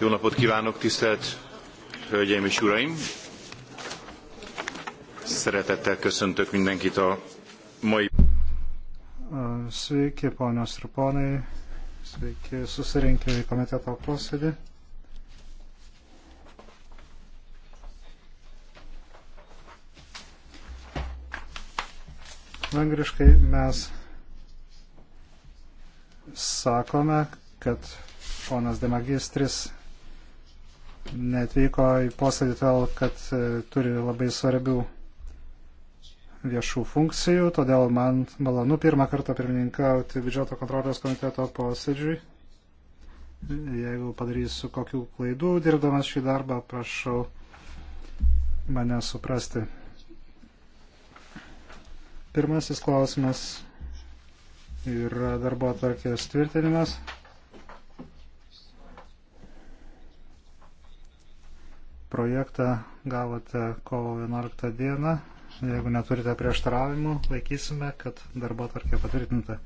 Jó napot kívánok, tisztelt Hölgyeim és Uraim! Szeretettel köszöntök mindenkit a mai... Sveiki, ponios ir ponai. Sveiki, susirinkę į komiteto posėdį. Vengriškai mes sakome, kad ponas Demagistris netvyko į posėdį todėl, kad e, turi labai svarbių viešų funkcijų, todėl man malonu pirmą kartą pirmininkauti biudžeto kontrolės komiteto posėdžiui. Jeigu padarysiu kokių klaidų dirbdamas šį darbą, prašau mane suprasti. Pirmasis klausimas yra darbo atvarkės tvirtinimas. Projektą gavote kovo 11 dieną. Jeigu neturite prieštaravimų, laikysime, kad darbo tvarkė patvirtinta.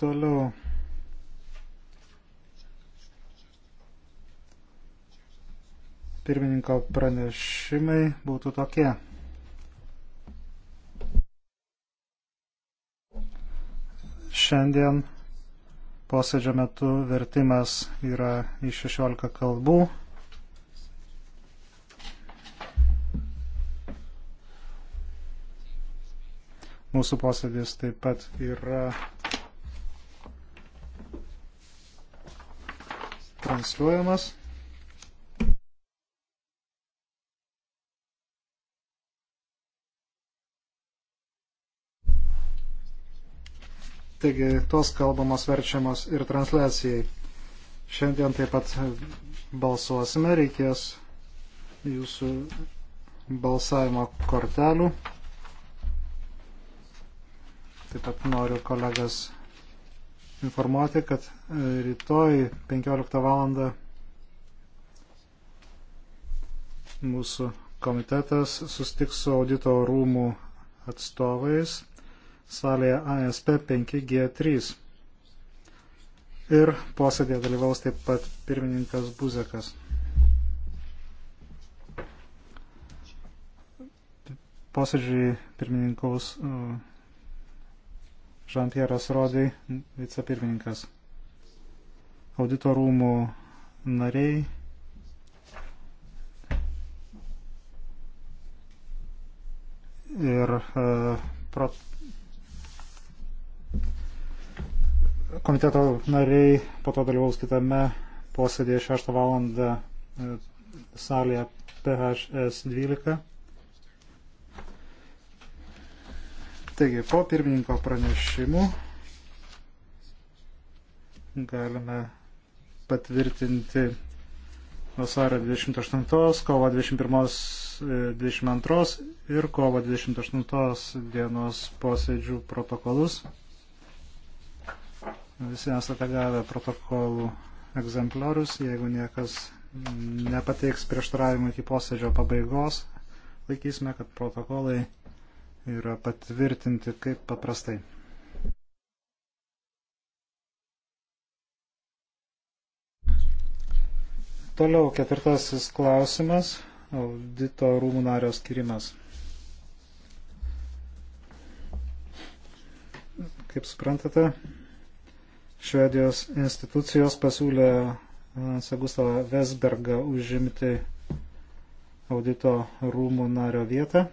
Toliau. Pirmininko pranešimai būtų tokie. šiandien Posėdžio metu vertimas yra iš 16 kalbų. Mūsų posėdis taip pat yra transliuojamas. Taigi tos kalbamos verčiamos ir transliacijai. Šiandien taip pat balsuosime, reikės jūsų balsavimo kortelių. Taip pat noriu kolegas informuoti, kad e, rytoj 15 val. mūsų komitetas sustiks su audito rūmų atstovais salėje ASP 5G3. Ir posėdėje dalyvaus taip pat pirmininkas Buzekas. Posėdžiui pirmininkaus Žantieras Rodai, vicepirmininkas. Audito rūmų nariai. Ir uh, Komiteto nariai po to dalyvaus kitame posėdėje 6 val. E, salėje PHS 12. Taigi, po pirmininko pranešimų galime patvirtinti vasario 28, kovo 21, 22 e, ir kovo 28 dienos posėdžių protokolus. Visi esate gavę protokolų egzempliorius. Jeigu niekas nepateiks prieštaravimų iki posėdžio pabaigos, laikysime, kad protokolai yra patvirtinti kaip paprastai. Toliau ketvirtasis klausimas - audito rūmų nario skirimas. Kaip suprantate, Švedijos institucijos pasiūlė Hansą e, Gustavą Vesbergą užimti audito rūmų nario vietą.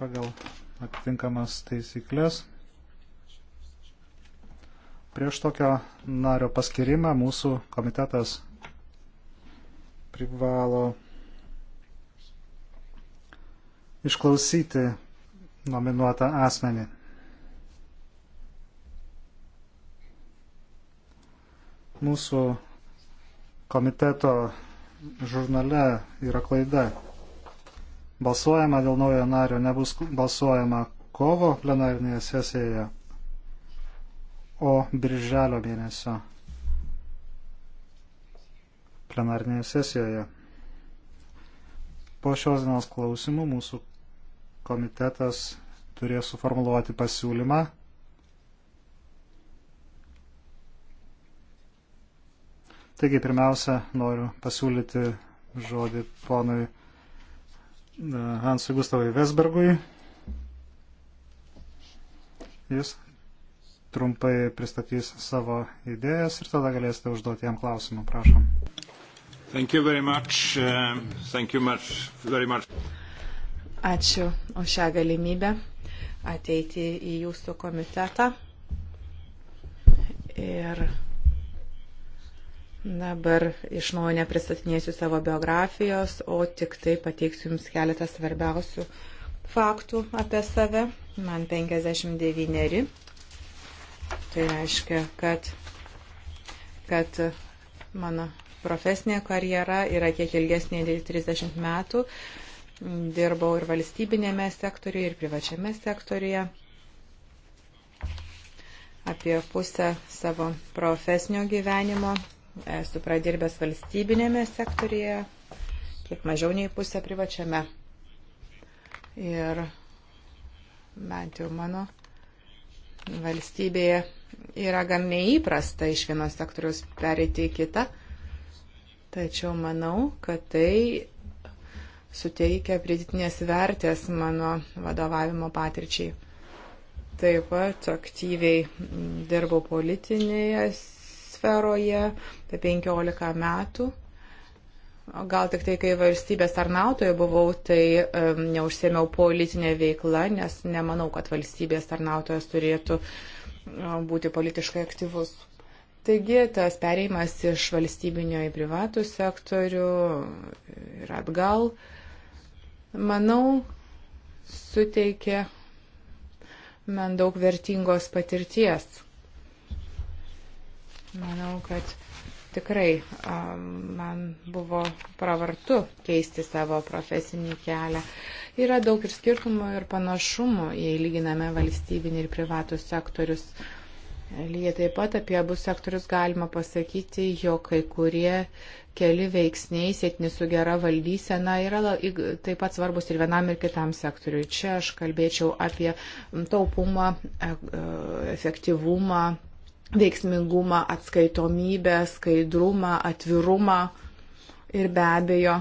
Pagal atitinkamas taisyklės. Prieš tokio nario paskirimą mūsų komitetas privalo išklausyti nominuotą asmenį. Mūsų komiteto žurnale yra klaida. Balsuojama dėl naujo nario nebus balsuojama kovo plenarinėje sesijoje, o birželio mėnesio plenarinėje sesijoje. Po šios dienos klausimų mūsų komitetas turės suformuluoti pasiūlymą. Taigi, pirmiausia, noriu pasiūlyti žodį ponui e, Hansui Gustavui Vesbergui. Jis trumpai pristatys savo idėjas ir tada galėsite užduoti jam klausimą, prašom. Thank you very much. Uh, thank you much, very much. Ačiū už šią galimybę ateiti į jūsų komitetą. Ir dabar iš naujo nepristatinėsiu savo biografijos, o tik tai pateiksiu jums keletą svarbiausių faktų apie save. Man 59. Tai reiškia, kad, kad mano profesinė karjera yra kiek ilgesnė nei 30 metų. Uh, dirbau ir valstybinėme sektoriuje, ir privačiame sektoriuje. Apie pusę savo profesinio gyvenimo esu pradirbęs valstybinėme sektoriuje, kiek mažiau nei pusę privačiame. Ir bent jau mano valstybėje yra gan neįprasta iš vienos sektoriaus perėti į kitą. Tačiau manau, kad tai suteikia pridėtinės vertės mano vadovavimo patirčiai. Taip pat aktyviai dirbau politinėje sferoje, tai 15 metų. Gal tik tai, kai valstybės tarnautoje buvau, tai um, neužsėmiau politinę veiklą, nes nemanau, kad valstybės tarnautojas turėtų um, būti politiškai aktyvus. Taigi tas pereimas iš valstybinio į privatų sektorių ir atgal uh, manau, suteikė man daug vertingos patirties. Manau, kad tikrai man buvo pravartu keisti savo profesinį kelią. Yra daug ir skirtumų, ir panašumų, jei lyginame valstybinį ir privatų sektorius. Uh, Lygiai taip pat apie abu sektorius galima pasakyti, jog kai kurie keli veiksniai, sėtini su gera valdysena, yra taip pat svarbus ir vienam ir kitam sektoriui. Čia aš kalbėčiau apie taupumą, e, e, efektyvumą, veiksmingumą, atskaitomybę, skaidrumą, atvirumą ir be abejo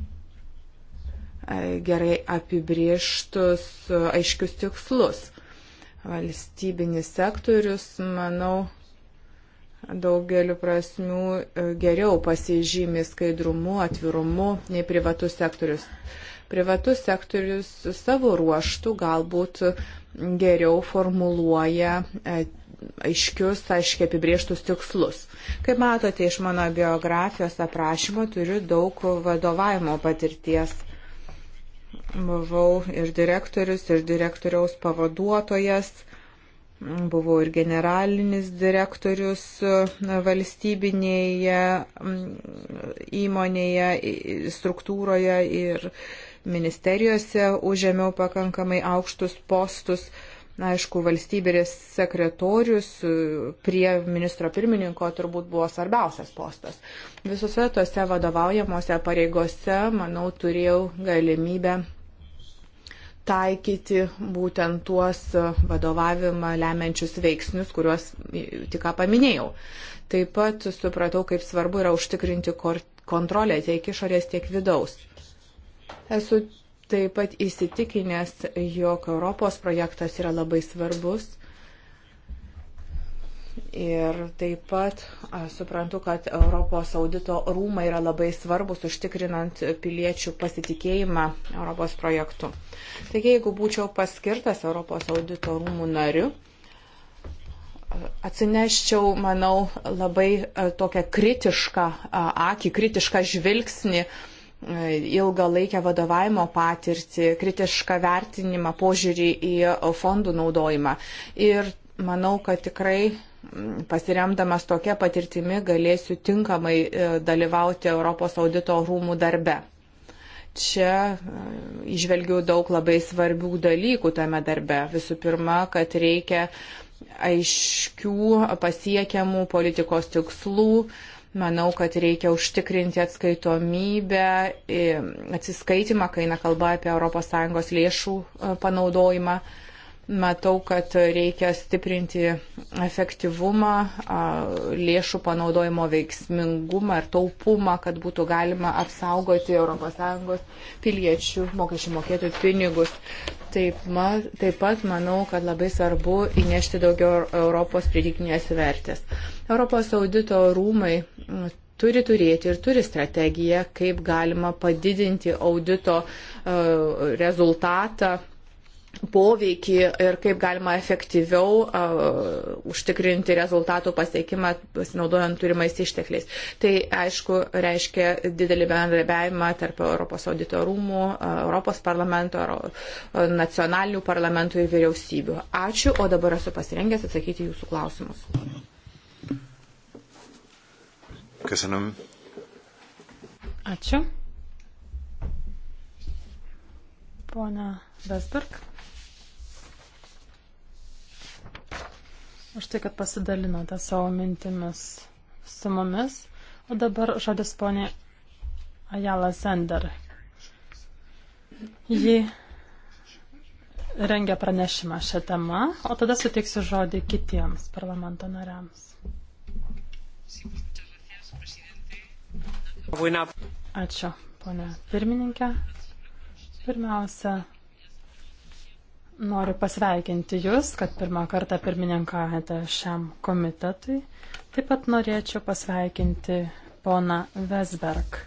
e, gerai apibrieštus aiškius tikslus valstybinis sektorius, manau, daugeliu prasmių e, geriau pasižymi skaidrumu, atvirumu nei privatus sektorius. Privatus sektorius savo ruoštų galbūt geriau formuluoja e, aiškius, aiškiai apibrieštus tikslus. Kaip matote, iš mano biografijos aprašymo turiu daug vadovavimo patirties buvau ir direktorius, ir direktoriaus pavaduotojas, buvau ir generalinis direktorius e, valstybinėje įmonėje, struktūroje ir ministerijose užėmiau pakankamai aukštus postus. Aišku, valstybės sekretorius e, prie ministro pirmininko turbūt buvo svarbiausias postas. Visose tose vadovaujamuose pareigose, manau, turėjau galimybę taikyti būtent tuos vadovavimą lemiančius veiksnius, kuriuos tik ką paminėjau. Taip pat supratau, kaip svarbu yra užtikrinti kontrolę tiek išorės, tiek vidaus. Esu taip pat įsitikinęs, jog Europos projektas yra labai svarbus Ir taip pat suprantu, kad Europos audito rūmai yra labai svarbus užtikrinant piliečių pasitikėjimą Europos projektu. Taigi, jeigu būčiau paskirtas Europos audito rūmų nariu, atsineščiau, manau, labai tokią kritišką akį, kritišką žvilgsnį ilgą laikę vadovavimo patirtį, kritišką vertinimą, požiūrį į fondų naudojimą. Ir manau, kad tikrai pasiremdamas tokia patirtimi galėsiu tinkamai e, dalyvauti Europos audito rūmų darbe. Čia išvelgiu e, daug labai svarbių dalykų tame darbe. Visų pirma, kad reikia aiškių pasiekiamų politikos tikslų. Manau, kad reikia užtikrinti atskaitomybę, e, atsiskaitimą, kai eina kalba apie ES lėšų panaudojimą. Matau, kad reikia stiprinti efektyvumą, lėšų panaudojimo veiksmingumą ir taupumą, kad būtų galima apsaugoti ES piliečių mokesčių mokėtojų pinigus. Taip, ma, taip pat manau, kad labai svarbu įnešti daugiau Europos pridėtinės vertės. Europos audito rūmai turi turėti ir turi strategiją, kaip galima padidinti audito uh, rezultatą poveikį ir kaip galima efektyviau uh, užtikrinti rezultatų pasiekimą pasinaudojant turimais ištekliais. Tai aišku reiškia didelį bendradarbiavimą tarp Europos audito rūmų, uh, Europos parlamento, uh, nacionalinių parlamentų ir vyriausybių. Ačiū, o dabar esu pasirengęs atsakyti jūsų klausimus. Köszönöm. Ačiū. Pone Vesberg. Už tai, kad pasidalinote savo mintimis su mumis. O dabar žodis ponė Ajala Sender. Ji rengia pranešimą šią temą, o tada suteiksiu žodį kitiems parlamento nariams. Ačiū, ponė pirmininkė. Pirmiausia, Noriu pasveikinti Jūs, kad pirmą kartą pirmininkavote šiam komitetui. Taip pat norėčiau pasveikinti poną Vesberg.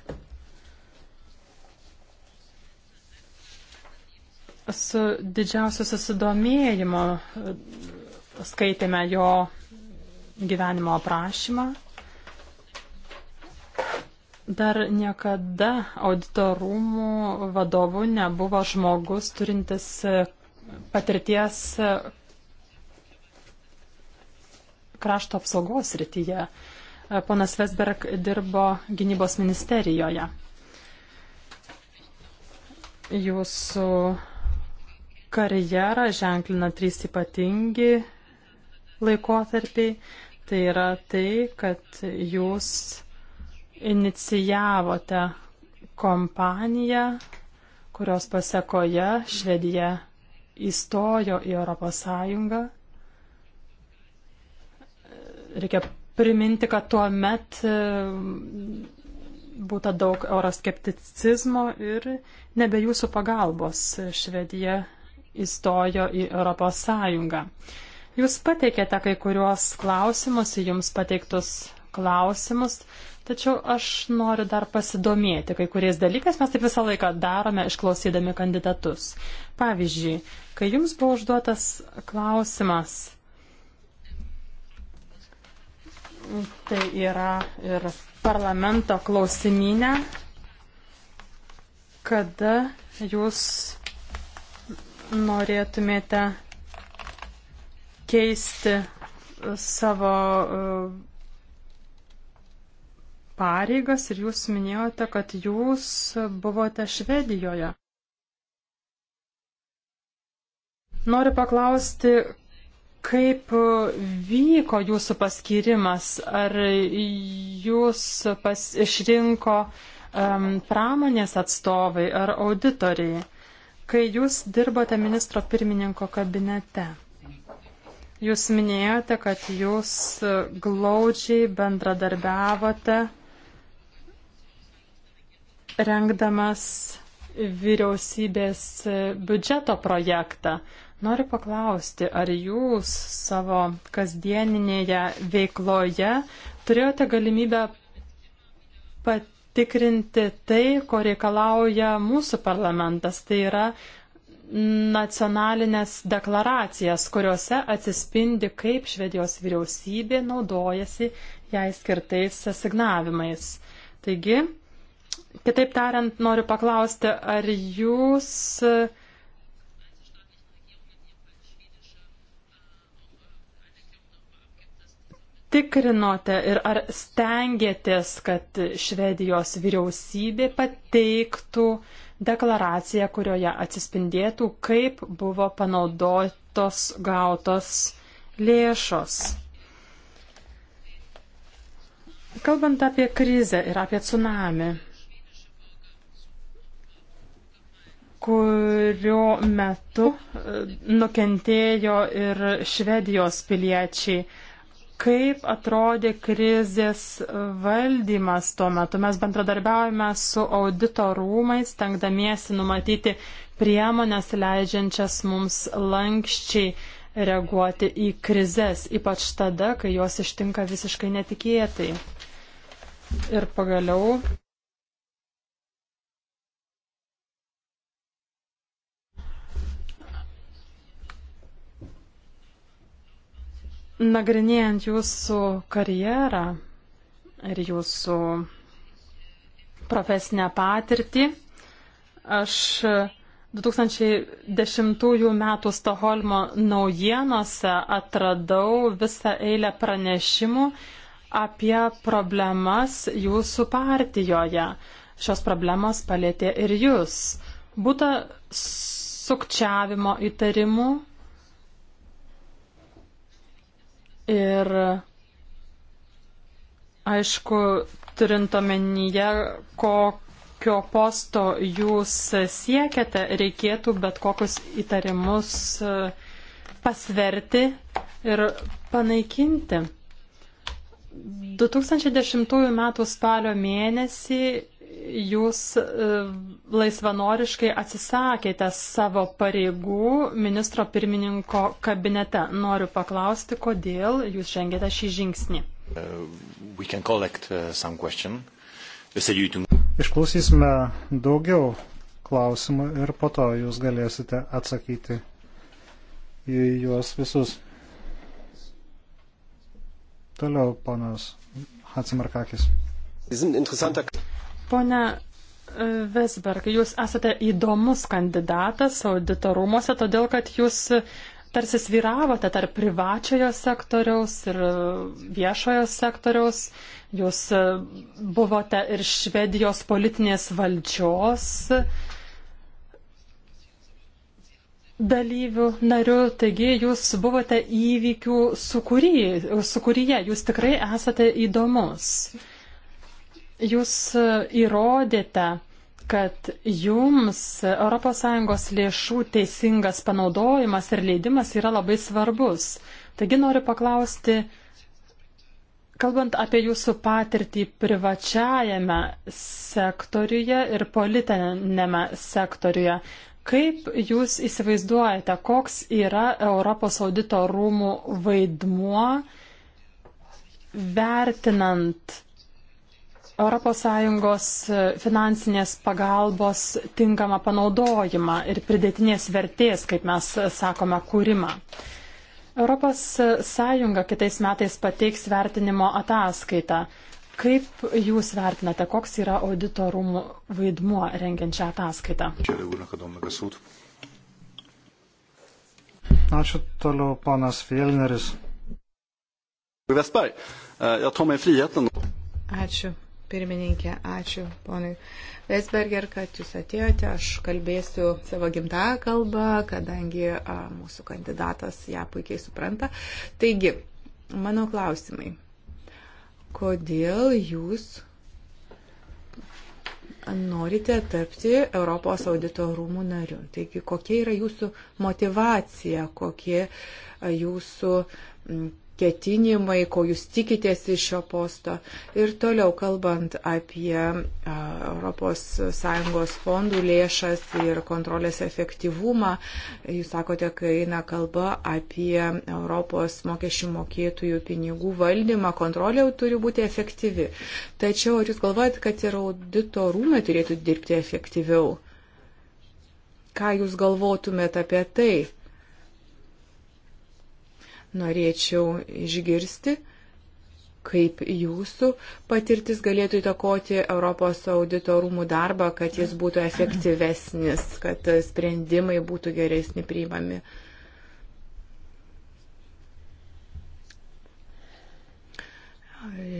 Su didžiausiu susidomėjimu e, skaitėme jo gyvenimo aprašymą. Dar niekada auditorumų vadovu nebuvo žmogus turintis e, patirties e, krašto apsaugos rytyje. E, ponas Vesberg dirbo gynybos ministerijoje. Jūsų karjerą ženklina trys ypatingi laikotarpiai. Tai yra tai, kad jūs inicijavote kompaniją, kurios pasekoje Švedija įstojo į Europos Sąjungą, reikia priminti, kad tuo met e, būta daug euroskepticizmo ir nebe jūsų pagalbos Švedija įstojo į Europos Sąjungą. Jūs pateikėte kai kuriuos klausimus, jums pateiktus klausimus. Tačiau aš noriu dar pasidomėti kai kuriais dalykais, mes taip visą laiką darome išklausydami kandidatus. Pavyzdžiui, kai jums buvo užduotas klausimas, tai yra ir parlamento klausimynę, kada jūs norėtumėte keisti savo uh, pareigas ir jūs minėjote, kad jūs buvote Švedijoje. Noriu paklausti, kaip vyko jūsų paskirimas, ar jūs pas, išrinko um, pramonės atstovai ar auditoriai, kai jūs dirbote ministro pirmininko kabinete. Jūs minėjote, kad jūs glaudžiai bendradarbiavote rengdamas vyriausybės biudžeto projektą. Noriu paklausti, ar jūs savo kasdieninėje veikloje turėjote galimybę patikrinti tai, ko reikalauja mūsų parlamentas, tai yra nacionalinės deklaracijas, kuriuose atsispindi, kaip Švedijos vyriausybė naudojasi jai skirtais asignavimais. Taigi, Kitaip tariant, noriu paklausti, ar jūs tikrinote ir ar stengiatės, kad Švedijos vyriausybė pateiktų deklaraciją, kurioje atsispindėtų, kaip buvo panaudotos gautos lėšos. Kalbant apie krizę ir apie tsunami, kurio metu e, nukentėjo ir Švedijos piliečiai. Kaip atrodė krizės valdymas tuo metu? Mes bendradarbiaujame su audito rūmais, tenkdamiesi numatyti priemonės leidžiančias mums lankščiai reaguoti į krizės, ypač tada, kai jos ištinka visiškai netikėtai. Ir pagaliau Nagrinėjant jūsų karjerą ir jūsų profesinę patirtį, aš 2010 m. Stoholmo naujienose atradau visą eilę pranešimų apie problemas jūsų partijoje. Šios problemos palėtė ir jūs. Būta sukčiavimo įtarimų, Ir aišku, turint omenyje, kokio posto jūs siekiate, reikėtų bet kokius įtarimus e, pasverti ir panaikinti. 2010 m. spalio mėnesį jūs e, laisvanoriškai atsisakėte savo pareigų ministro pirmininko kabinete. Noriu paklausti, kodėl jūs žengėte šį žingsnį. Uh, uh, Išklausysime daugiau klausimų ir po to jūs galėsite atsakyti į juos visus. Toliau, panas Hatsimarkakis. Pone e, Vesberg, jūs esate įdomus kandidatas auditorumuose, todėl kad jūs tarsi sviravote tarp privačiojo sektoriaus ir viešojo sektoriaus. Jūs e, buvote ir Švedijos politinės valdžios dalyvių nariu, taigi jūs buvote įvykių sukūryje, su jūs tikrai esate įdomus jūs e, įrodėte, kad jums ES lėšų teisingas panaudojimas ir leidimas yra labai svarbus. Taigi noriu paklausti, kalbant apie jūsų patirtį privačiajame sektoriuje ir politinėme sektoriuje, Kaip Jūs įsivaizduojate, koks yra Europos audito rūmų vaidmuo vertinant ES e, finansinės pagalbos tinkamą panaudojimą ir pridėtinės vertės, kaip mes e, sakome, kūrimą. ES kitais metais pateiks vertinimo ataskaitą. Kaip Jūs vertinate, koks yra audito rūmų vaidmuo rengiant šią ataskaitą? Ačiū toliau, ponas Fielneris. E, Ačiū. Pirmininkė, ačiū ponui Vesberger, kad jūs atėjote. Aš kalbėsiu savo gimtąją kalbą, kadangi a, mūsų kandidatas ją puikiai supranta. Taigi, mano klausimai. Kodėl jūs norite tapti Europos audito rūmų nariu? Taigi, kokia yra jūsų motivacija, kokie jūsų ketinimai, ko jūs tikitės iš šio posto. Ir toliau kalbant apie ES fondų lėšas ir kontrolės efektyvumą, jūs sakote, kai eina kalba apie Europos mokesčių mokėtojų pinigų valdymą, kontrolė turi būti efektyvi. Tačiau ar jūs galvojate, kad ir audito rūmai turėtų dirbti efektyviau? Ką jūs galvotumėte apie tai? Norėčiau išgirsti, kaip jūsų patirtis galėtų įtakoti Europos audito rūmų darbą, kad jis būtų efektyvesnis, kad sprendimai būtų geresni priimami.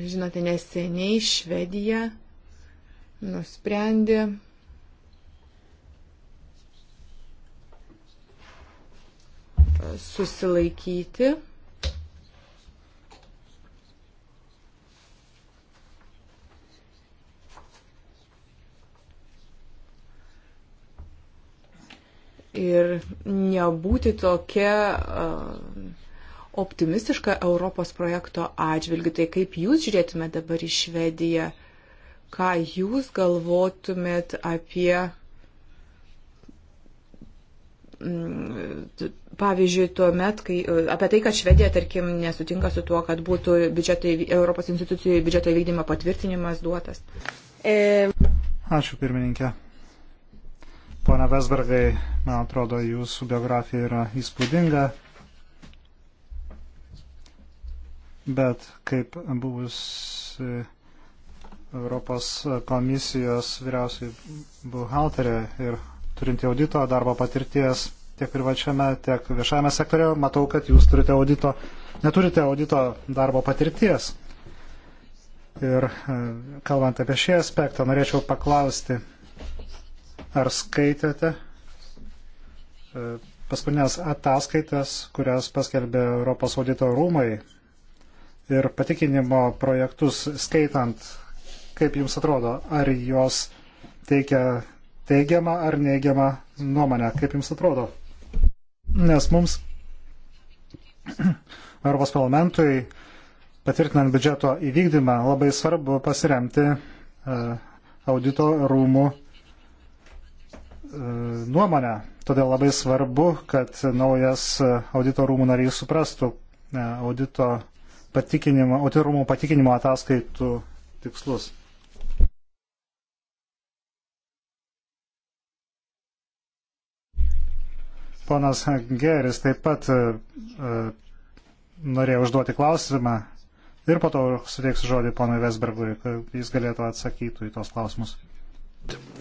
Žinote, neseniai Švedija nusprendė susilaikyti. Ir nebūti tokia uh, optimistiška Europos projekto atžvilgiu. Tai kaip jūs žiūrėtumėte dabar į Švediją? Ką jūs galvotumėt apie Mm, pavyzdžiui, tuo met, kai e, apie tai, kad Švedija, tarkim, nesutinka su tuo, kad būtų biudžetai, Europos institucijų biudžeto vykdymo patvirtinimas duotas. E... Ačiū, pirmininkė. Pone Vesbergai, man atrodo, jūsų biografija yra įspūdinga, bet kaip buvus Europos komisijos vyriausiai buhalterė ir turinti audito darbo patirties tiek privačiame, tiek viešame sektorėje, matau, kad jūs turite audito, neturite audito darbo patirties. Ir e, kalbant apie šį aspektą, norėčiau paklausti, ar skaitėte e, paskutinės ataskaitas, kurias paskelbė Europos audito rūmai ir patikinimo projektus skaitant, kaip jums atrodo, ar jos teikia teigiamą ar neigiamą nuomonę. Kaip jums atrodo? Nes mums Europos parlamentui patvirtinant biudžeto įvykdymą labai svarbu pasiremti e, audito rūmų e, nuomonę. Todėl labai svarbu, kad naujas audito rūmų narys suprastų e, audito patikinimo, audito rūmų patikinimo ataskaitų tikslus. Ponas Geris taip pat e, e, norėjo užduoti klausimą ir po to suteiksiu žodį ponui Vesbergui, kad jis galėtų atsakyti į tos klausimus.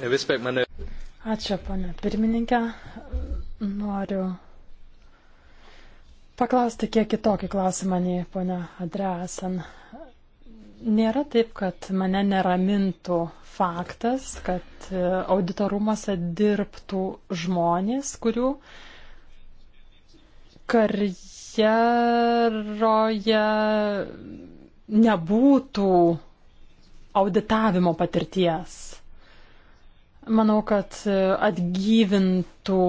Ačiū, ponė pirmininkė. Noriu paklausti kiek kitokį klausimą nei ponė Adresan. Nėra taip, kad mane neramintų faktas, kad e, auditorumuose dirbtų žmonės, kurių uh, karjeroje nebūtų auditavimo patirties. Manau, kad atgyvintų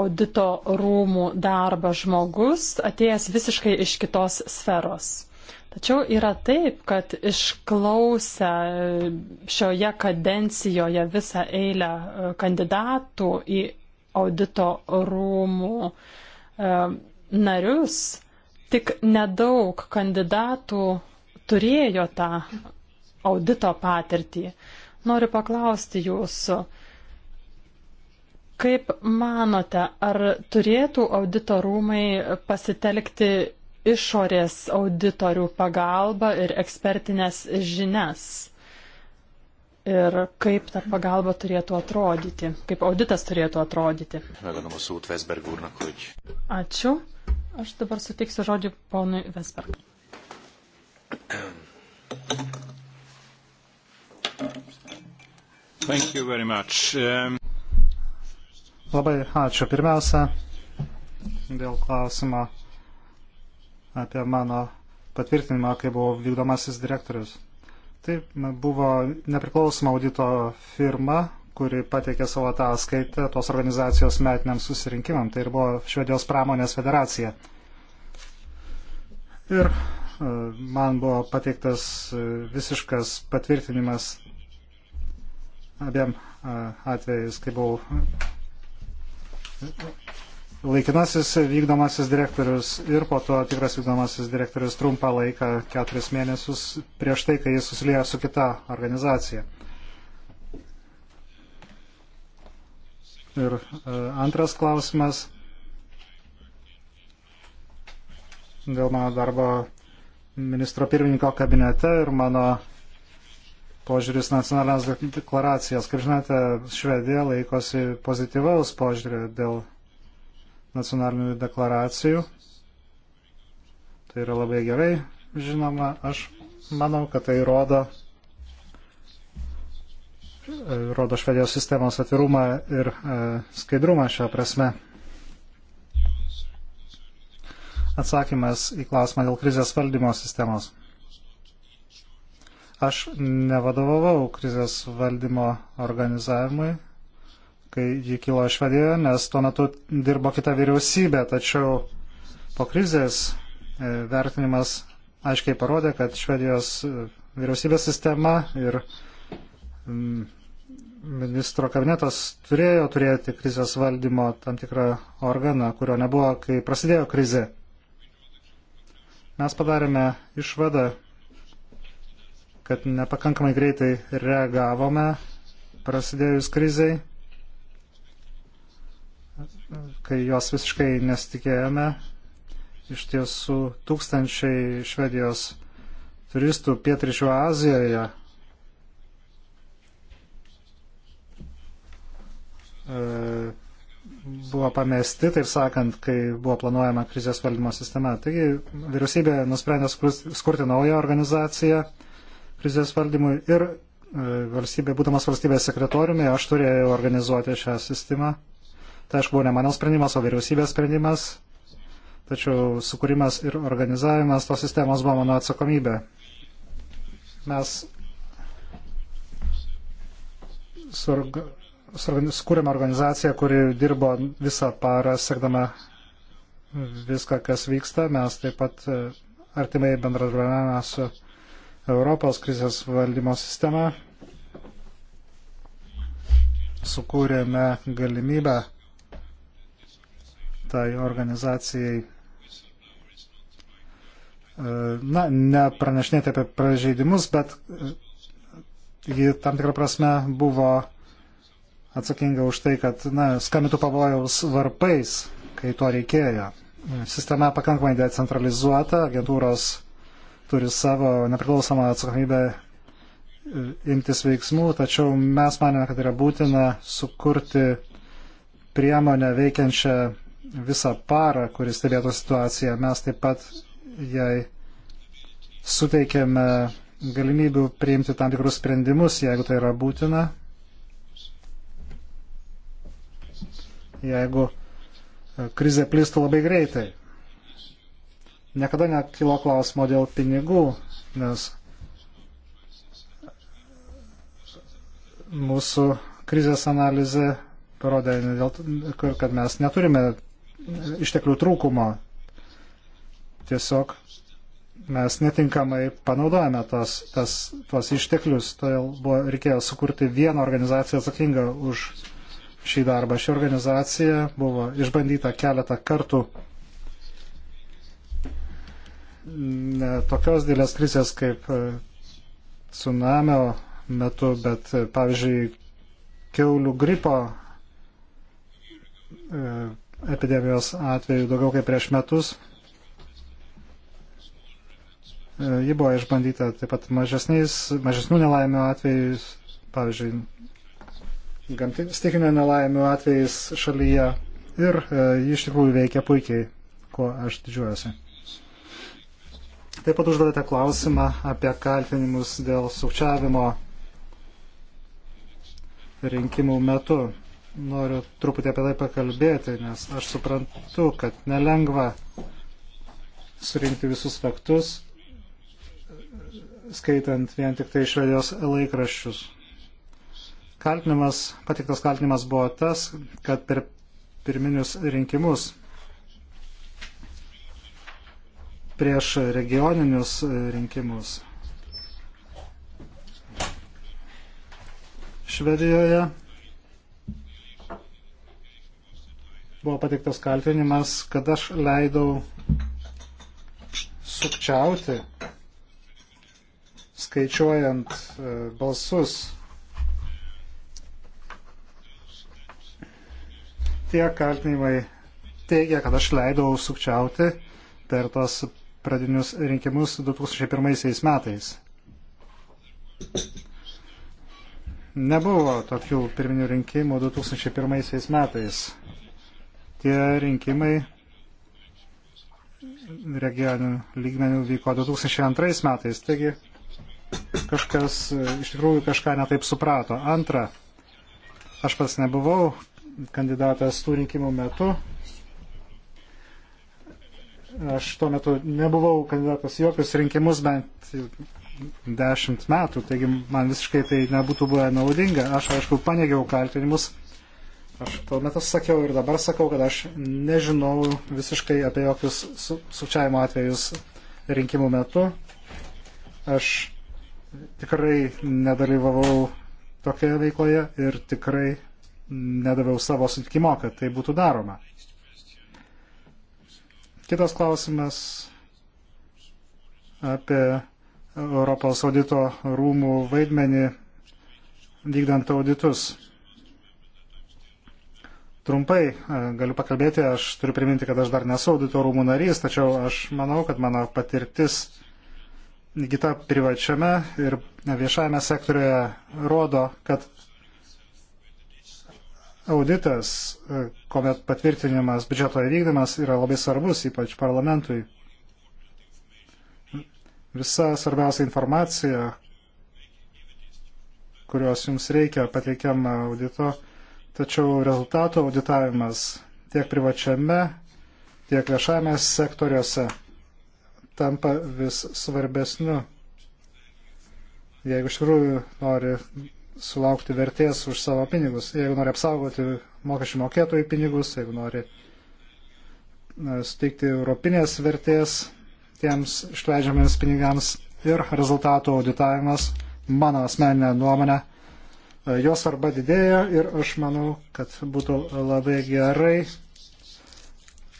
audito rūmų darbą žmogus, atėjęs visiškai iš kitos sferos. Tačiau yra taip, kad išklausę šioje kadencijoje visą eilę kandidatų į audito rūmų uh, E, narius, tik nedaug kandidatų turėjo tą audito patirtį. Noriu paklausti jūsų, kaip manote, ar turėtų audito rūmai pasitelkti išorės auditorių pagalbą ir ekspertinės žinias? ir kaip ta pagalba turėtų atrodyti, kaip auditas turėtų atrodyti. Ačiū. Aš dabar suteiksiu žodį ponui Vesberg. Um... Labai ačiū. Pirmiausia, dėl klausimo apie mano patvirtinimą, kai buvau vykdomasis direktorius. Taip, buvo nepriklausoma audito firma, kuri pateikė savo ataskaitą tos organizacijos metiniam susirinkimam. Tai ir buvo Švedijos pramonės federacija. Ir e, man buvo pateiktas e, visiškas patvirtinimas abiem e, atvejais, kai buvau laikinasis vykdomasis direktorius ir po to tikras vykdomasis direktorius trumpą laiką, keturis mėnesius, prieš tai, kai jis susilieja su kita organizacija. Ir e, antras klausimas dėl mano darbo ministro pirmininko kabinete ir mano požiūris nacionalinės deklaracijas. Kaip žinote, Švedija laikosi pozityvaus požiūrio dėl nacionalinių deklaracijų. Tai yra labai gerai, žinoma, aš manau, kad tai rodo, e, rodo Švedijos sistemos atvirumą ir e, skaidrumą šią prasme. Atsakymas į klausimą dėl krizės valdymo sistemos. Aš nevadovavau krizės valdymo organizavimui, kai jį kilo Švedijoje, nes tuo metu dirbo kita vyriausybė, tačiau po krizės e, vertinimas aiškiai parodė, kad Švedijos e, vyriausybės sistema ir ministro kabinetas turėjo turėti krizės valdymo tam tikrą organą, kurio nebuvo, kai prasidėjo krizė. Mes padarėme išvadą, kad nepakankamai greitai reagavome prasidėjus krizai kai jos visiškai nesitikėjome. Iš tiesų tūkstančiai Švedijos turistų pietričių Azijoje e, buvo pamesti, taip sakant, kai buvo planuojama krizės valdymo sistema. Taigi vyriausybė nusprendė skurti naują organizaciją krizės valdymui ir e, valstybė, būdamas valstybės sekretoriumi, aš turėjau organizuoti šią sistemą. Tai aš buvau ne mano sprendimas, o vyriausybės sprendimas, tačiau sukūrimas ir organizavimas tos sistemos buvo mano atsakomybė. Mes surg... sukūrėme organizaciją, kuri dirbo visą parą, sekdama viską, kas vyksta. Mes taip pat e, artimai bendradarbiavame su Europos krizės valdymo sistema. Sukūrėme galimybę tai organizacijai e, na, ne pranešinėti apie pažeidimus, bet e, ji tam tikrą prasme buvo atsakinga už tai, kad na, skambintų pavojaus varpais, kai to reikėjo. Sistema pakankamai decentralizuota, agentūros turi savo nepriklausomą atsakomybę e, imtis veiksmų, tačiau mes manėme, kad yra būtina sukurti priemonę veikiančią visą parą, kuris stebėtų situaciją. Mes taip pat jai suteikėme galimybių priimti tam tikrus sprendimus, jeigu tai yra būtina. Jeigu e, krizė plistų labai greitai. Niekada nekilo klausimo dėl pinigų, nes mūsų krizės analizė parodė, kad mes neturime išteklių trūkumo. Tiesiog mes netinkamai panaudojame tos, tas, tos išteklius, todėl buvo, reikėjo sukurti vieną organizaciją atsakingą už šį darbą. Ši organizacija buvo išbandyta keletą kartų tokios dėlės krizės kaip e, tsunamio metu, bet e, pavyzdžiui, keulių gripo e, epidemijos atveju daugiau kaip prieš metus. E, ji buvo išbandyta taip pat mažesnių nelaimių atvejais, pavyzdžiui, stikinio nelaimių atvejais šalyje ir e, ji iš tikrųjų veikia puikiai, kuo aš didžiuojuosi. Taip pat uždavėte klausimą apie kaltinimus dėl sukčiavimo rinkimų metu noriu truputį apie tai pakalbėti, nes aš suprantu, kad nelengva surinkti visus faktus, skaitant vien tik tai švedijos laikraščius. Kaltinimas, patiktas kaltinimas buvo tas, kad per pirminius rinkimus prieš regioninius rinkimus Švedijoje buvo pateiktas kaltinimas, kad aš leidau sukčiauti, skaičiuojant e, balsus. Tie kaltinimai teigia, kad aš leidau sukčiauti per tos pradinius rinkimus 2001 metais. Nebuvo tokių pirminių rinkimų 2001 metais. Tie rinkimai regionų lygmenių vyko 2002 metais, taigi kažkas iš tikrųjų kažką netaip suprato. Antra, aš pats nebuvau kandidatas tų rinkimų metu. Aš tuo metu nebuvau kandidatas jokius rinkimus bent dešimt metų, taigi man visiškai tai nebūtų buvę naudinga. Aš aišku paneigiau kaltinimus Aš tuo metu sakiau ir dabar sakau, kad aš nežinau visiškai apie jokius su, sukčiavimo atvejus rinkimų metu. Aš tikrai nedalyvavau tokioje veikloje ir tikrai nedaviau savo sutikimo, kad tai būtų daroma. Kitas klausimas apie Europos audito rūmų vaidmenį vykdant auditus trumpai e, galiu pakalbėti, aš turiu priminti, kad aš dar nesu audito rūmų narys, tačiau aš manau, kad mano patirtis įgyta privačiame ir viešajame sektorioje rodo, kad auditas, e, kuomet patvirtinimas biudžeto įvykdymas yra labai svarbus, ypač parlamentui. Visa svarbiausia informacija, kurios jums reikia, pateikiama audito Tačiau rezultatų auditavimas tiek privačiame, tiek viešame sektoriuose tampa vis svarbesniu. Jeigu iš tikrųjų nori sulaukti vertės už savo pinigus, jeigu nori apsaugoti mokesčių mokėtojų pinigus, jeigu nori suteikti europinės vertės tiems išleidžiamiems pinigams ir rezultatų auditavimas, mano asmeninė nuomonė, Jos svarba didėja ir aš manau, kad būtų labai gerai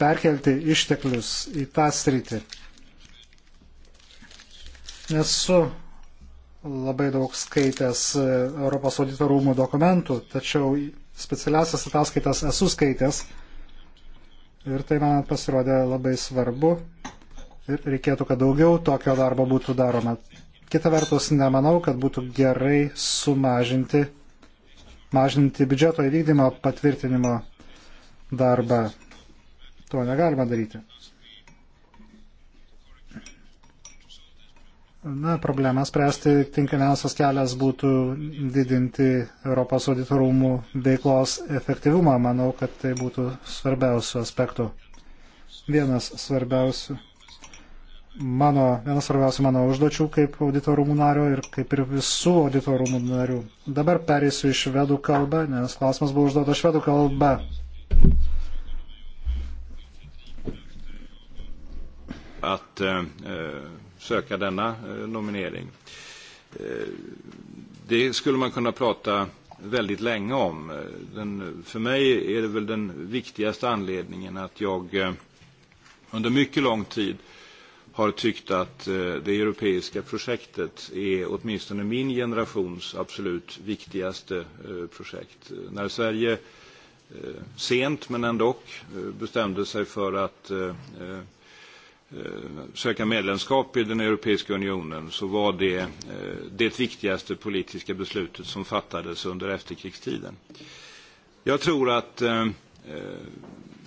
perkelti išteklius į tą sritį. Nesu labai daug skaitęs e, Europos audito rūmų dokumentų, tačiau specialiasias ataskaitas esu skaitęs ir tai man pasirodė labai svarbu ir reikėtų, kad daugiau tokio darbo būtų daroma. Kita vertus, nemanau, kad būtų gerai sumažinti mažinti biudžeto įvykdymo patvirtinimo darbą. To negalima daryti. Na, problemą spręsti tinkamiausias kelias būtų didinti Europos auditorumų veiklos efektyvumą. Manau, kad tai būtų svarbiausių aspektų. Vienas svarbiausių mano, vienas svarbiausių mano užduočių kaip auditorumų nario ir kaip ir visų auditorumų narių. Dabar perėsiu į švedų kalbą, nes klausimas buvo užduotas švedų kalba. At, uh, söka denna eh, nominering. Det skulle man kunna prata väldigt länge om. Den, för mig är det väl den viktigaste anledningen att jag under mycket lång tid eh, har tyckt att eh, det europeiska projektet är åtminstone min generations absolut viktigaste eh, projekt. När Sverige eh, sent men ändå eh, bestämde sig för att eh, eh, eh, söka medlemskap i den Europeiska unionen så var det eh, det viktigaste politiska beslutet som fattades under efterkrigstiden. Jag tror att eh,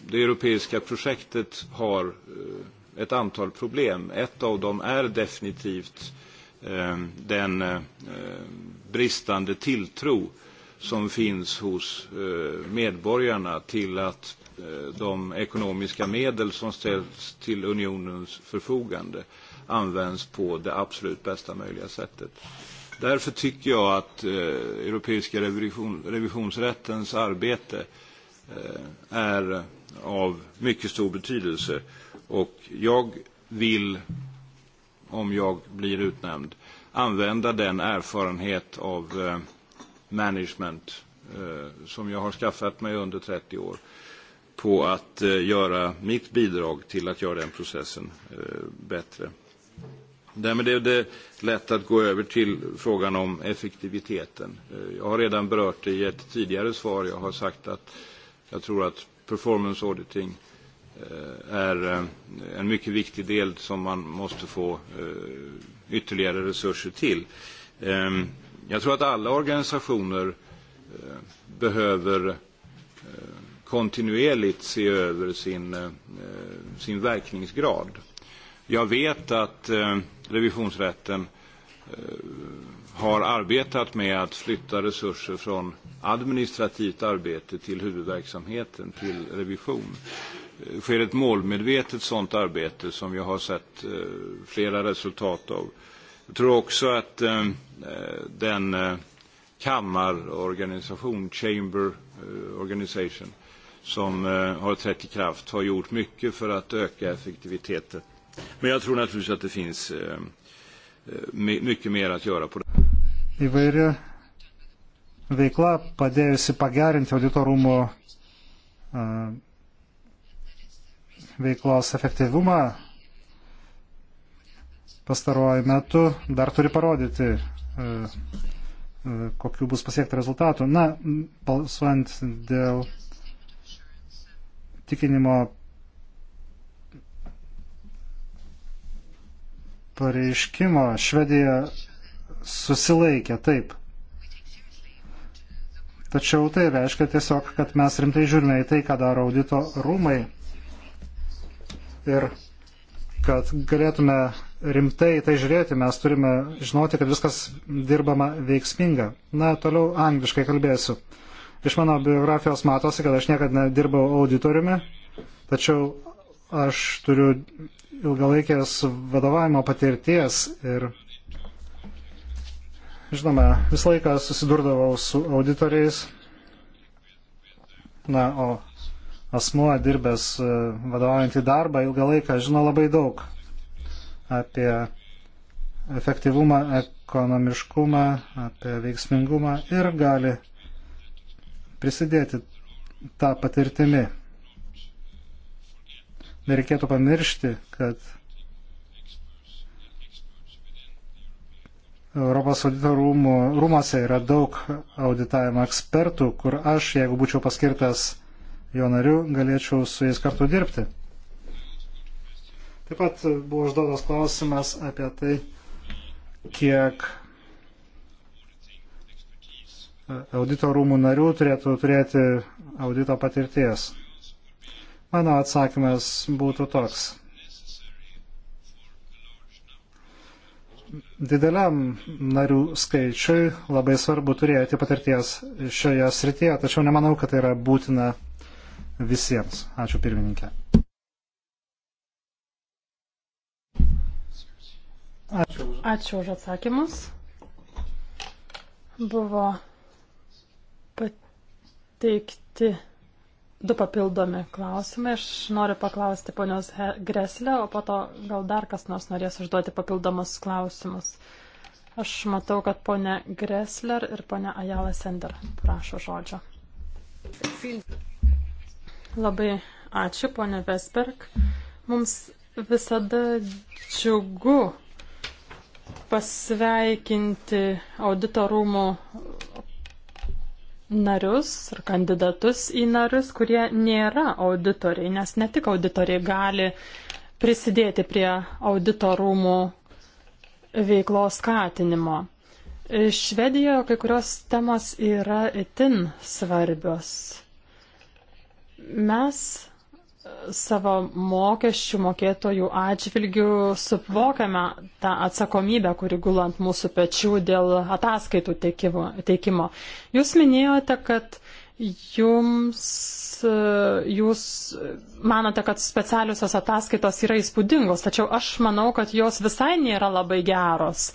det europeiska projektet har eh, ett antal problem. Ett av dem är definitivt eh, den eh, bristande tilltro som finns hos eh, medborgarna till att eh, de ekonomiska medel som ställs till unionens förfogande används på det absolut bästa möjliga sättet. Därför tycker jag att eh, Europeiska revision, revisionsrättens arbete eh, är av mycket stor betydelse Och jag vill, om jag blir utnämnd, använda den erfarenhet av eh, management eh, som jag har skaffat mig under 30 år på att eh, göra mitt bidrag till att göra den processen eh, bättre. Därmed är det lätt att gå över till frågan om effektiviteten. Eh, jag har redan berört det i ett tidigare svar. Jag har sagt att jag tror att performance auditing eh, är eh, en mycket viktig del som man måste få eh, ytterligare resurser till. Ehm, jag tror att alla organisationer eh, behöver kontinuerligt se över sin, sin verkningsgrad. Jag vet att revisionsrätten har arbetat med att flytta resurser från administrativt arbete till huvudverksamheten, till revision sker ett målmedvetet sådant arbete som jag har sett eh, flera resultat av. Jag tror också att eh, den eh, kammarorganisation, Chamber Organization, som har trätt i kraft har gjort mycket för att öka effektiviteten. Men jag tror naturligtvis att det finns mycket mer att göra på det. Įvairi veikla padėjusi pagerinti auditorumo uh, veiklos efektyvumą pastaruoju metu dar turi parodyti, e, e, kokiu bus pasiekta rezultatų. Na, balsuojant dėl tikinimo pareiškimo, Švedija susilaikė taip. Tačiau tai reiškia tiesiog, kad mes rimtai žiūrime į tai, ką daro audito rūmai ir kad galėtume rimtai tai žiūrėti, mes turime žinoti, kad viskas dirbama veiksminga. Na, toliau angliškai kalbėsiu. Iš mano biografijos matosi, kad aš niekada nedirbau auditoriumi, tačiau aš turiu ilgalaikės vadovavimo patirties ir, žinoma, visą laiką susidurdavau su auditoriais. Na, o asmuo dirbęs e, vadovaujantį darbą ilgą laiką žino labai daug apie efektyvumą, ekonomiškumą, apie veiksmingumą ir gali prisidėti tą patirtimi. Nereikėtų pamiršti, kad Europos audito rūmų, rūmose yra daug auditavimo ekspertų, kur aš, jeigu būčiau paskirtas jo nariu, galėčiau su jais kartu dirbti. Taip pat buvo užduotas klausimas apie tai, kiek e, audito rūmų narių turėtų turėti audito patirties. Mano atsakymas būtų toks. Dideliam narių skaičiui labai svarbu turėti patirties šioje srityje, tačiau nemanau, kad tai yra būtina visiems. Ačiū pirmininkė. Ačiū už, Ačiū už atsakymus. Buvo pateikti du papildomi klausimai. Aš noriu paklausti ponios Greslę, o po to gal dar kas nors norės užduoti papildomus klausimus. Aš matau, kad ponia Gresler ir ponia Ajala Sender prašo žodžio. Labai ačiū, ponė Vesperk. Mums visada džiugu pasveikinti auditorumų narius ir kandidatus į narius, kurie nėra auditoriai, nes ne tik auditoriai gali prisidėti prie auditorumų veiklos skatinimo. Švedijoje kai kurios temos yra itin svarbios. Mes e, savo mokesčių mokėtojų atžvilgių suvokiame tą atsakomybę, kuri gulant mūsų pečių dėl ataskaitų teikimo. Jūs minėjote, kad jums, e, jūs manote, kad specialiusios ataskaitos yra įspūdingos, tačiau aš manau, kad jos visai nėra labai geros.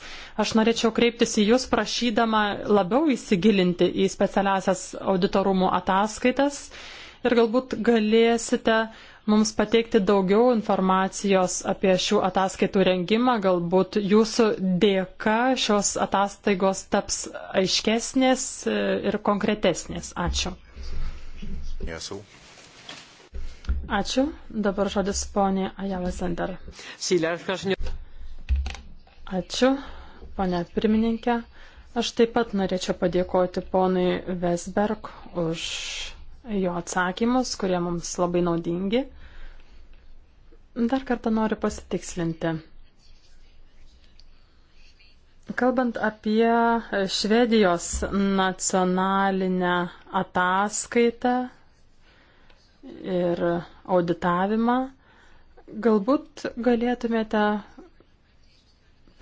Aš norėčiau kreiptis į jūs prašydama labiau įsigilinti į specialiasias auditorumų ataskaitas. Uh, ir galbūt galėsite mums pateikti daugiau informacijos apie šių ataskaitų rengimą. Galbūt jūsų dėka šios atastaigos taps aiškesnės e, ir konkretesnės. Ačiū. Nesu. Ačiū. Dabar žodis ponė Ajala Sender. Ačiū, ponė pirmininkė. Aš taip pat norėčiau padėkoti ponui Vesberg už jo atsakymus, kurie mums labai naudingi. Dar kartą noriu pasitikslinti. Kalbant apie Švedijos nacionalinę ataskaitą ir auditavimą, galbūt galėtumėte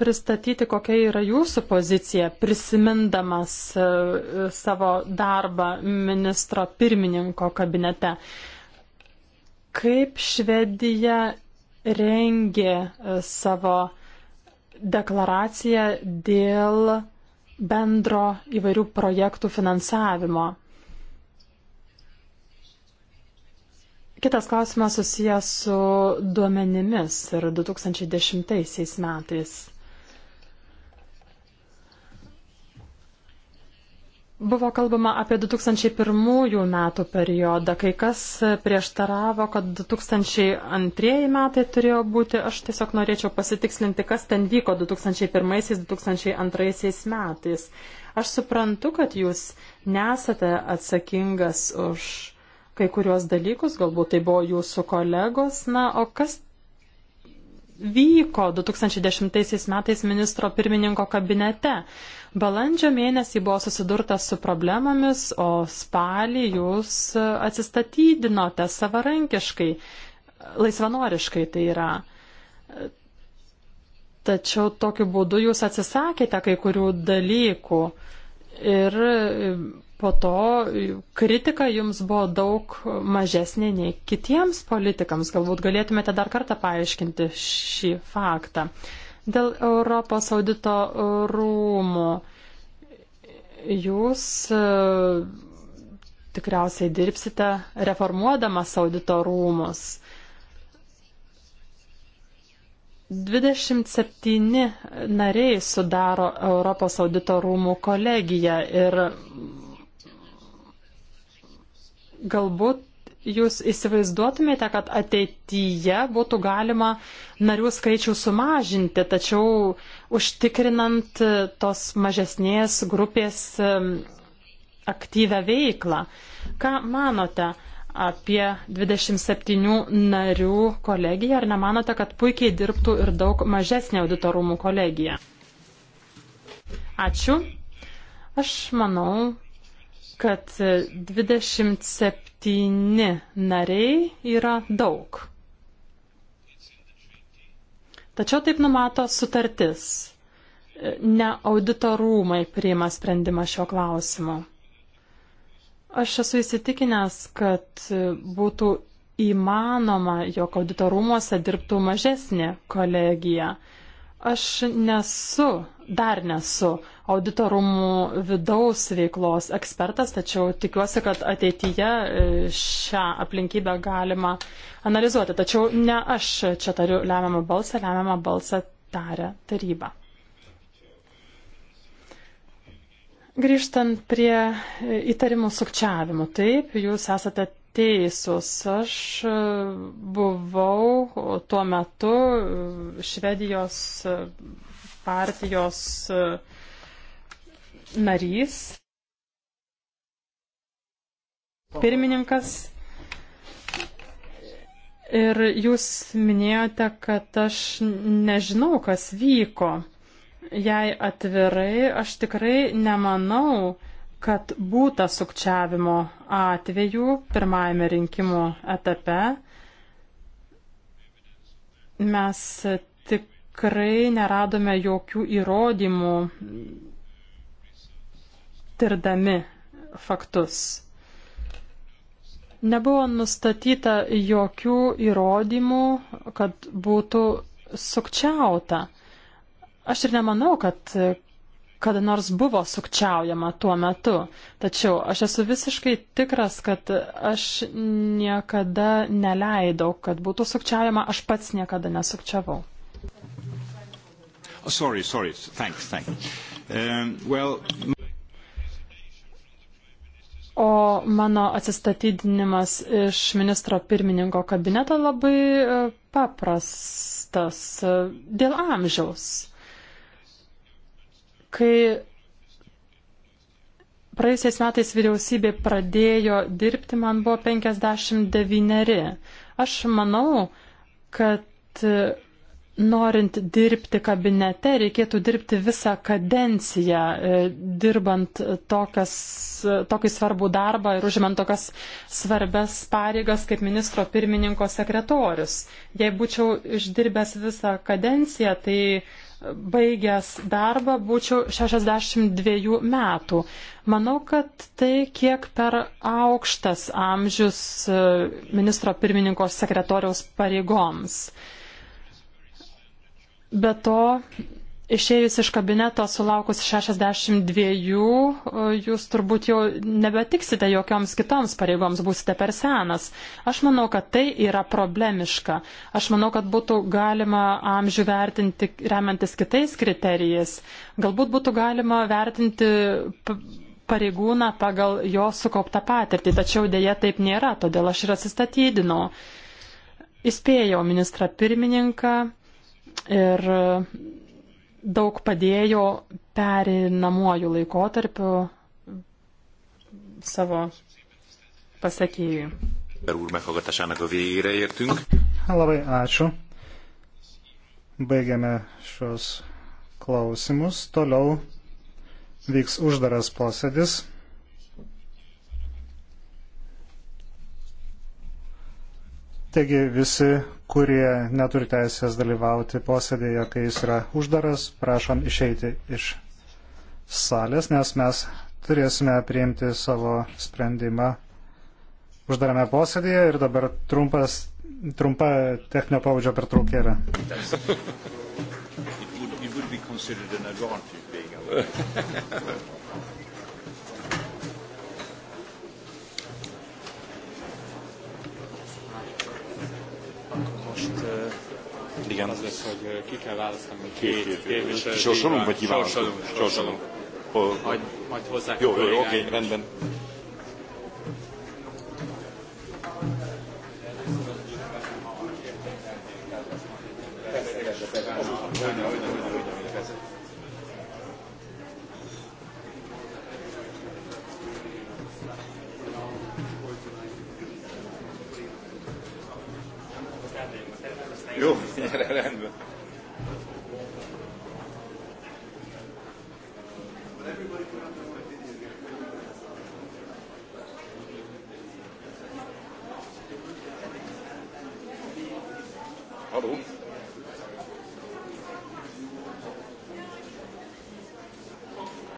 pristatyti, kokia yra jūsų pozicija, prisimindamas e, e, savo darbą ministro pirmininko kabinete. Kaip Švedija rengė e, savo deklaraciją dėl bendro įvairių projektų finansavimo. Kitas klausimas susijęs su duomenimis ir 2010 metais. Buvo kalbama apie 2001 metų periodą, kai kas prieštaravo, kad 2002 metai turėjo būti. Aš tiesiog norėčiau pasitikslinti, kas ten vyko 2001-2002 metais. Aš suprantu, kad jūs nesate atsakingas už kai kurios dalykus, galbūt tai buvo jūsų kolegos. Na, o kas vyko 2010 metais ministro pirmininko kabinete? Balandžio mėnesį buvo susidurta su problemomis, o spalį jūs atsistatydinote savarankiškai, laisvanoriškai tai yra. Tačiau tokiu būdu jūs atsisakėte kai kurių dalykų ir po to kritika jums buvo daug mažesnė nei kitiems politikams. Galbūt galėtumėte dar kartą paaiškinti šį faktą. Uh, Dėl Europos audito rūmų jūs e, tikriausiai dirbsite reformuodamas audito rūmus. 27 nariai sudaro Europos audito rūmų kolegiją ir galbūt jūs įsivaizduotumėte, kad ateityje būtų galima narių skaičių sumažinti, tačiau užtikrinant tos mažesnės grupės aktyvę veiklą. Ką manote apie 27 narių kolegiją? Ar nemanote, kad puikiai dirbtų ir daug mažesnė auditorumų kolegija? Ačiū. Aš manau, kad 27 septyni nariai yra daug. Tačiau taip numato sutartis. Ne auditorumai priima sprendimą šio klausimu. Aš esu įsitikinęs, kad būtų įmanoma, jog auditorumuose dirbtų mažesnė kolegija. Aš nesu, dar nesu auditorumų vidaus veiklos ekspertas, tačiau tikiuosi, kad ateityje e, šią aplinkybę galima analizuoti. Tačiau ne aš čia tariu lemiamą balsą, lemiamą balsą taria taryba. Grįžtant prie e, įtarimų sukčiavimų, taip, jūs esate teisūs. Aš e, buvau tuo metu Švedijos partijos uh, narys, pirmininkas. Ir jūs minėjote, kad aš nežinau, kas vyko. Jei atvirai, aš tikrai nemanau, kad būta sukčiavimo atvejų pirmajame rinkimų etape. Mes tikrai neradome jokių įrodymų tirdami faktus. Nebuvo nustatyta jokių įrodymų, kad būtų sukčiauta. Aš ir nemanau, kad kada nors buvo sukčiaujama tuo metu, tačiau aš esu visiškai tikras, kad aš niekada neleidau, kad būtų sukčiaujama, aš pats niekada nesukčiavau. Oh, sorry, sorry. Thanks, thanks. Um, well... O mano atsistatydinimas iš ministro pirmininko kabineto labai e, paprastas e, dėl amžiaus. Kai praėjusiais metais vyriausybė pradėjo dirbti, man buvo 59. Aš manau, kad norint dirbti kabinete, reikėtų dirbti visą kadenciją, e, dirbant tokias, tokį svarbų darbą ir užimant tokias svarbias pareigas kaip ministro pirmininko sekretorius. Jei būčiau išdirbęs visą kadenciją, tai baigęs darbą būčiau 62 metų. Manau, kad tai kiek per aukštas amžius e, ministro pirmininko sekretoriaus pareigoms. Be to, išėjus iš kabineto sulaukus 62, jūs turbūt jau nebetiksite jokioms kitoms pareigoms, būsite per senas. Aš manau, kad tai yra problemiška. Aš manau, kad būtų galima amžių vertinti remiantis kitais kriterijais. Galbūt būtų galima vertinti pareigūną pagal jo sukauptą patirtį, tačiau dėja taip nėra, todėl aš ir atsistatydinau. Įspėjau ministrą pirmininką ir daug padėjo perinamuoju laikotarpiu savo pasakėjui. Per úr meghallgatásának a végére értünk. Labai ačiū. Baigiame šios klausimus. Toliau vyks uždaras posėdis. Taigi visi, kurie neturi teisės dalyvauti posėdėje, kai jis yra uždaras, prašom išeiti iš salės, nes mes turėsime priimti savo sprendimą uždarame posėdėje ir dabar trumpas, trumpa techninio pavadžio pertraukėlė. considered an advantage being a Igen. az lesz, hogy ki kell választani két, két képviselőt. Sorsolunk, vagy kiválasztunk? Sorsolunk. Sorsolunk. sorsolunk. Majd, majd hozzá Jó, jó, oké, okay, rendben. Hogy